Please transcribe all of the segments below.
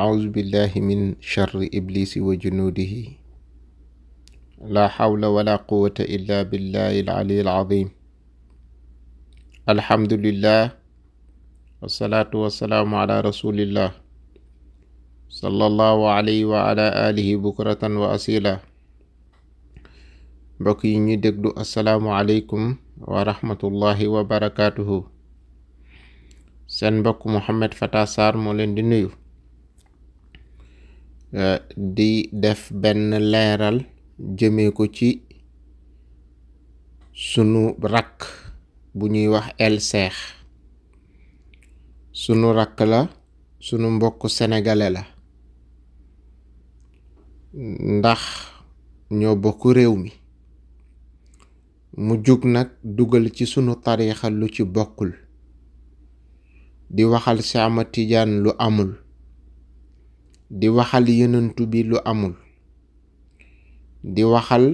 auzu billahi min charri iblisi wa junuudihi laa xawla wala quwata illa billahi alali alazim alhamdulillah wasalaatu wasalaamu ala rasulillah sallallahu alayhi wa ala alihi bukratan wa asila mbokk yi ñuy déglu asalaamu wa rahmatullahi wa barakatuhu seen mbokk Mouhamed Fata Sarr moo di nuyu Eh, di def benn leeral jëmee ko ci sunu rakk bu ñuy wax el sunu rakk la sunu mbokk senegale la ndax ñoo bokk réew mi mu jug nag dugal ci sunu tariixa lu ci bokkul di waxal Seex Ahmad Tijaan lu amul di waxal yenentu bi lu amul di waxal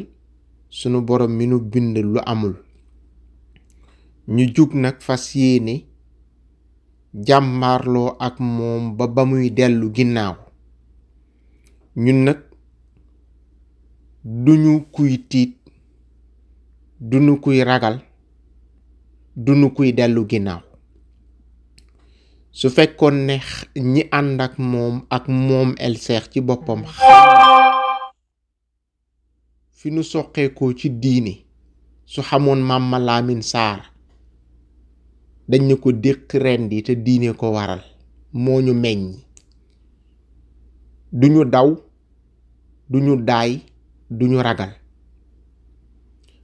sunu borom mi nu bind lu amul ñu jug nag fas yéene jàmmaarloo ak moom ba ba muy dellu ginnaaw ñun nag duñu kuy tiit duñu kuy ragal duñu kuy dellu ginnaaw su fekkoon ne ñi ànd ak moom ak moom el ci boppam fi nu soqeekoo ci diini su xamoon Mama Lamine Sarr dañ ñu ko dékk ren di te diine ko waral moo ñu meññ du ñu daw du ñu daay du ñu ragal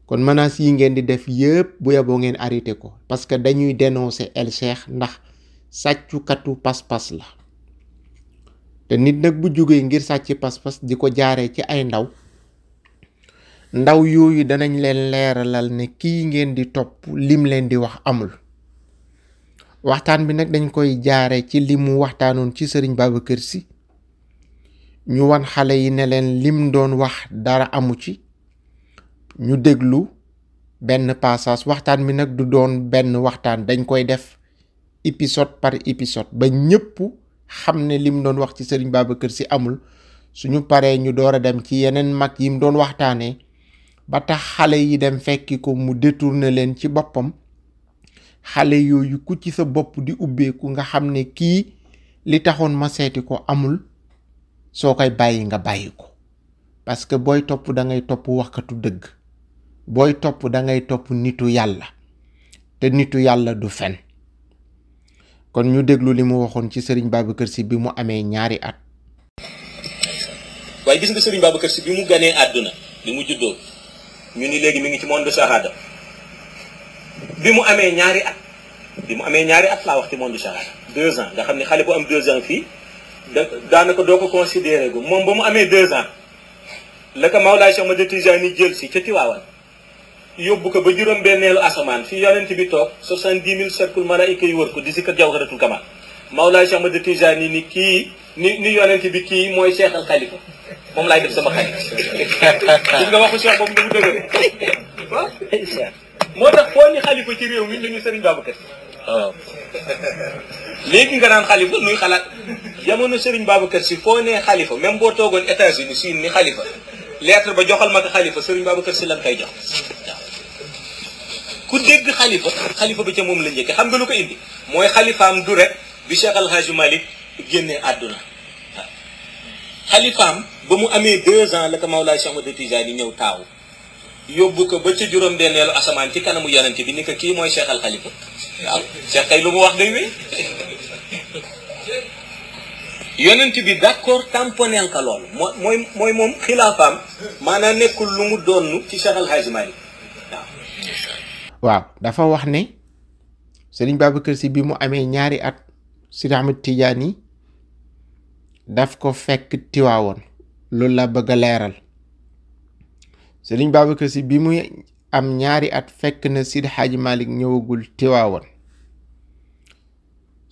kon menaces yi ngeen di def yépp bu yeboo ngeen arrêté ko parce que dañuy dénoncer el ndax sàccukatu pas-pas la te nit nag bu jógee ngir sàcc pas-pas di ko jaaree ci ay ndaw ndaw yooyu danañ leen leeralal ne kii ngeen di topp lim leen di wax amul waxtaan bi nag dañ koy jaare ci li mu waxtaanoon ci sëriñ kër si ñu wan xale yi ne leen lim doon wax dara amu ci ñu déglu benn passage waxtaan bi nag du doon benn waxtaan dañ koy def épisode par épisode ba ñëpp xam ne lim doon wax ci sëriñ kër si amul suñu paree ñu door a dem ci yeneen mag yi mu doon waxtaanee ba tax xale yi dem fekki ko mu détourné leen ci boppam xale yooyu ku ci sa bopp di ubbeeku nga xam ne kii li taxoon ma seeti ko amul soo koy bàyyi nga bàyyi ko parce que booy topp da ngay topp waxkatu dëgg booy topp da ngay topp nitu yàlla te nitu yàlla du fen kon ñu déglu li mu waxoon ci Serigne Babacar Sy bi mu amee ñaari at. waaye gis nga Serigne Babacar Sy bi mu ganee àdduna bi mu juddoo ñu ni léegi mi ngi ci monde shahada bi mu amee ñaari at bi mu amee ñaari at laa wax ci monde shahada deux ans nga xam ne xale bu am deux ans fii da daanaka doo ko considéré gu moom ba mu amee deux ans la ko ma Cheikh Ahmad Tijaani jël si ca Tiwaawan yóbbu ko ba juróom-benneelu asamaan fi yonent bi toog soixante-dix mille cercle malaayika yi wër ko di si ko jawharatul kamal Mawlaay Cheikh Ahmad Tijaani ni kii ni ni yonent bi kii mooy Cheikh al moom laay def sama xarit gis nga waxu Cheikh boobu ni mu dëgëre moo tax foo ni xalifa ci réew mi la ñu Serigne Babacar léegi nga naan xalifa muy xalaat jamono Serigne Babacar si foo ne xalifa même boo toogoon États-Unis siin ni xalifa lettre ba joxal ma ko xalifa Serigne Babacar si lan koy jox ku dégg xalifa xalifa bi ca moom la njëkke xam nga lu ko indi mooy xalifaam du rek bi Cheikh Al Hadj àdduna xalifaam ba mu amee deux ans la ko Mawlaay Cheikh Ahmad Tijaani ñëw taaw yóbbu ko ba ca juróom-benneelu asamaan ci kanamu yonent bi ni ko kii mooy Cheikh Al Khalifa waaw Cheikh kay lu mu wax day wéy yonent bi d'accord tamponeel ko loolu mooy mooy moom xilaafaam maanaam nekkul lu mu doon ci Cheikh Al waaw dafa wax ne Serigne Babacar Sy bi mu amee ñaari at Sidi Ahmed Tidiane yi daf ko fekk tiwaawoon loolu la bëgg a leeral Serigne Babacar Sy bi muy am ñaari at fekk na Sidi Hadji Malick ñëwagul tiwaawoon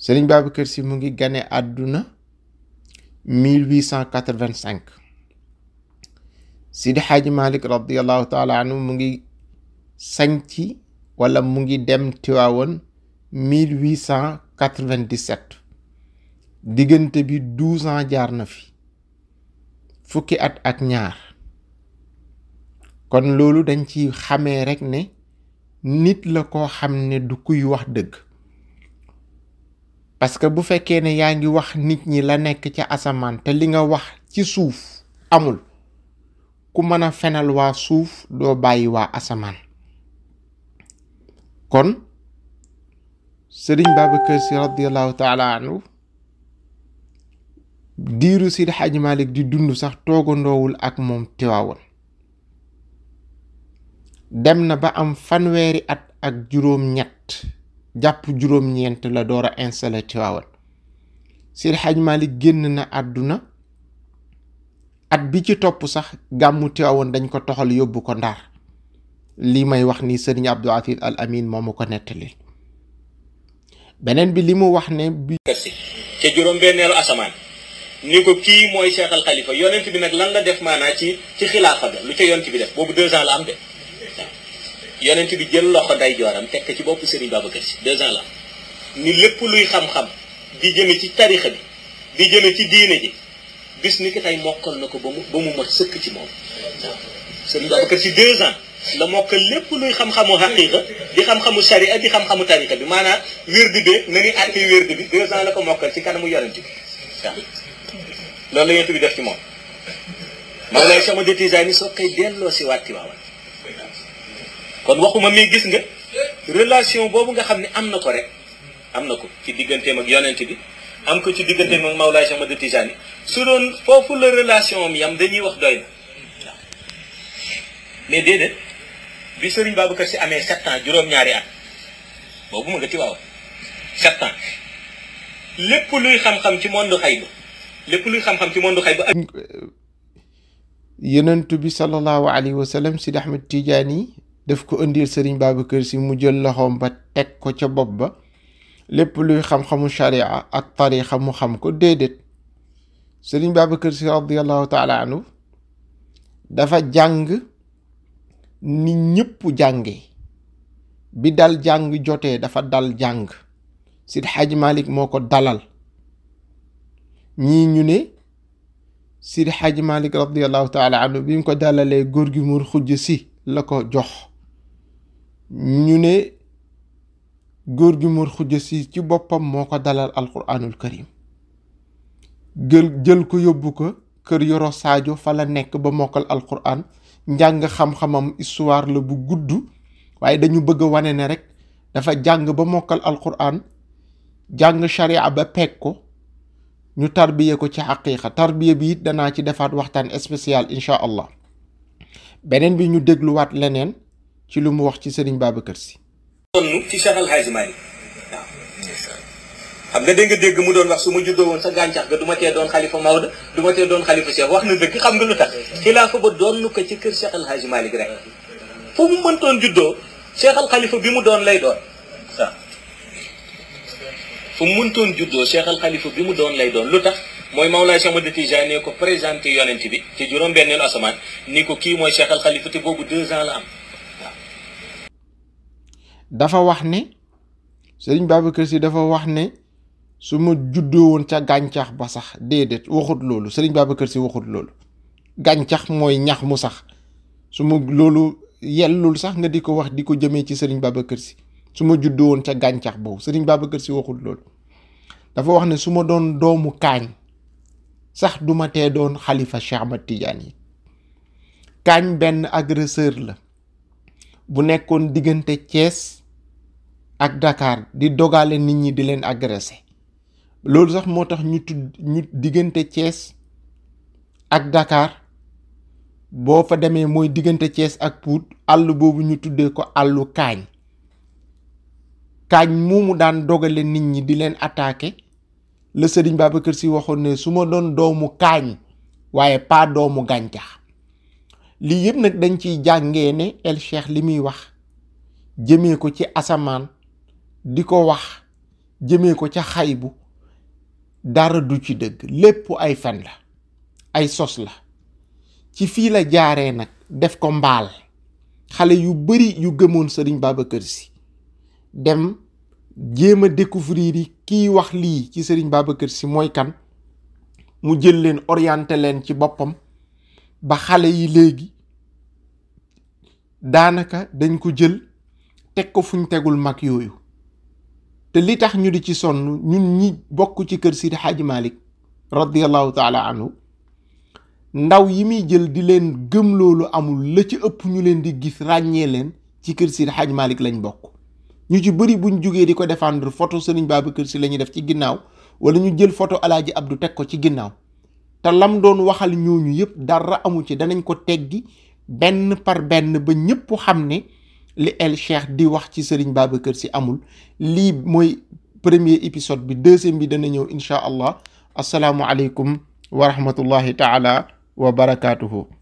Serigne Babacar Sy mu ngi gane àdduna 1885 Sidi Hadji Malick radiallahu taala anhu mu ngi sañci wala mu ngi dem Tiwaawoon 1897 diggante bi douze ans jaar na fi fukki at ak ñaar kon loolu dañ ci xamee rekk ne nit la ko xam ne du kuy wax dëgg parce que bu fekkee ne yaa ngi wax nit ñi la nekk ca asamaan te li nga wax ci suuf amul ku mën a fenal waa suuf doo bàyyi waa asamaan kon sëriñ Babacar Sy radiallahu taala anhu diiru Seydi Hadji di dund sax toogandoowul ak moom Tiwaawan dem na ba am fanweeri at ak juróom-ñett jàpp juróom-ñeent la door a installé Tiwaawan Seydi Hadji Malick génn na àdduna at bi ci topp sax gàmmu Tiwaawan dañ ko toxal yóbbu ko Ndar li may wax ni sëriñ Abdou Aziz Al Amin moo ma ko nettali beneen bi li mu wax ne bi ca juróom-benneelu asamaan ni ko kii mooy seetal Al Khalifa yonent bi nag lan la def maanaa ci ci xilaafa bi lu ca yonent bi def boobu deux ans la am de yonent bi jël loxo nday jooram tekk ci bopp sëriñ Babacar Si deux ans ni lépp luy xam-xam di jëme ci tarixa bi di jëme ci diine ji gis ni ki tey mokkal na ko ba mu ba mu mat sëkk ci moom waaw sëriñ ci Si deux la mokk lépp luy xam-xamu xaqiqa di xam-xamu sharia di xam-xamu tarika bi maanaam wérdi bi na ñuy àttee wérdi bi deux la ko mokkal ci kanamu yonent bi loolu la yonent bi def ci moom man lay sama de soo koy delloo si waat ci waawan kon waxuma mii gis nga relation boobu nga xam ne am na ko rek am na ko ci digganteem ak yonent bi am ko ci digganteem ak Mawlaay Cheikh Ahmad Tijaani su doon foofu la relation am yam dañuy wax doy na waaw mais déedéet bi Serigne Babacar Sy amee sept ans juróom-ñaari at boobu mu nga ci waaw lépp luy xam-xam ci monde xaybu lépp luy xam bi sallallahu alayhi wa sallam Sidi Ahmed Tidiane daf ko indil Serigne Babacar Sy mu jël loxoom ba teg ko ca bopp ba lépp luy xam-xamu sharia ak tarixa mu xam ko déedéet Serigne kër Sy radiyallahu taala anhu dafa jàng. ni ñëpp jànge bi dal jàng jotee dafa dal jàng Seydi Hadji malik moo ko dalal ñii ñu ne Seydi xaj Malick radiallahu taala anhu bi mu ko dalalee góor gi mur xujj si la ko jox ñu ne góor gi mur xujj si ci boppam moo ko dalal alquranul karim jël jël ko yóbbu ko kër yoro Sadio fa la nekk ba mokkal alquran njàng xam-xamam histoire la bu gudd waaye dañu bëgg a wane ne rek dafa jàng ba mokkal alquran jàng sharia ba peeg ko ñu tarbiye ko ci xaqiqa tarbiye bi it danaa ci defaat waxtaan spécial incha allah beneen bi ñu dégluwaat leneen ci lu mu wax ci sëriñ kër Si xam nga dégg dégg mu doon wax su ma juddoo woon sa gàncax ga du ma tee doon xalifa Maodo du ma tee doon xalifa see wax na dëgg xam nga lu tax xilaafa ba doon ko ci kër seexal Al Hadj Malick mu mëntoon juddoo Cheikh Al bi mu doon lay doon waaw mëntoon juddoo Cheikh Al bi mu doon lay doon lu tax mooy Mawlaay Cheikh Ahmad Tijaani ko présenté yonent bi te juróom-benneelu asamaan ni ko kii mooy seexal Al Khalifa te boobu deux ans la am dafa wax ne Serigne Babacar Sy dafa wax ne. su ma juddoo woon ca gàncax ba sax déedéet waxut loolu sëriñ Babacar Si waxut loolu gàncax mooy ñax mu sax su ma loolu yellul sax nga di ko wax di ko jëmee ci sëriñ Babacar Si su ma juddoo woon ca gàncax boobu sëriñ Babacar Si waxut loolu dafa wax ne su ma doon doomu kaañ sax du ma doon xalifa Cheikh Ahmad Tidiane yi kaañ benn agresseur la bu nekkoon diggante Thiès ak Dakar di dogale nit ñi di leen agressé loolu sax moo tax ñu tudd ñu diggante Thiès ak Dakar boo fa demee mooy diggante cees ak puut àll boobu ñu tuddee ko àllu kaañ kaañ moomu daan dogale nit ñi di leen attaqué la sëriñ kër si waxoon ne su ma doon doomu kaañ waaye pas doomu gàncax lii yëpp nag dañ ciy jàngee ne El Cheikh li muy wax jëmee ko ci asamaan di ko wax jëmee ko ca xaybu dara du ci dëgg lépp ay fen la ay sos la ci fii la jaaree nag def ko mbaal xale yu bari yu gëmoon Serigne kër si dem jéem a découvrir yi kiy wax lii ci Serigne kër si mooy kan mu jël leen orienté leen ci boppam ba xale yi léegi daanaka dañ ko jël teg ko fuñ tegul mag yooyu te li tax ñu di ci sonn ñun ñi bokk ci kër Sidi Hadji Malick radiyallahu taala anhu ndaw yi muy jël di leen gëm loolu amul la ci ëpp ñu leen di gis ràññee leen ci kër Sidi xaaj Malick lañ bokk ñu ci bëri buñ jógee di ko défendre photo Serigne Babacar Sy la ñuy def ci ginnaaw wala ñu jël photo Alaaji Abdou teg ko ci ginnaaw te lam doon waxal ñooñu yëpp dara amul ci danañ ko teggi benn par benn ba ñëpp xam ne li El Cheikh di wax ci Serigne kër Sy amul lii mooy premier épisode bi deuxième bi dana ñëw incha allah asalaamualeykum wa rahmatullahi taala wa barakaatuhu.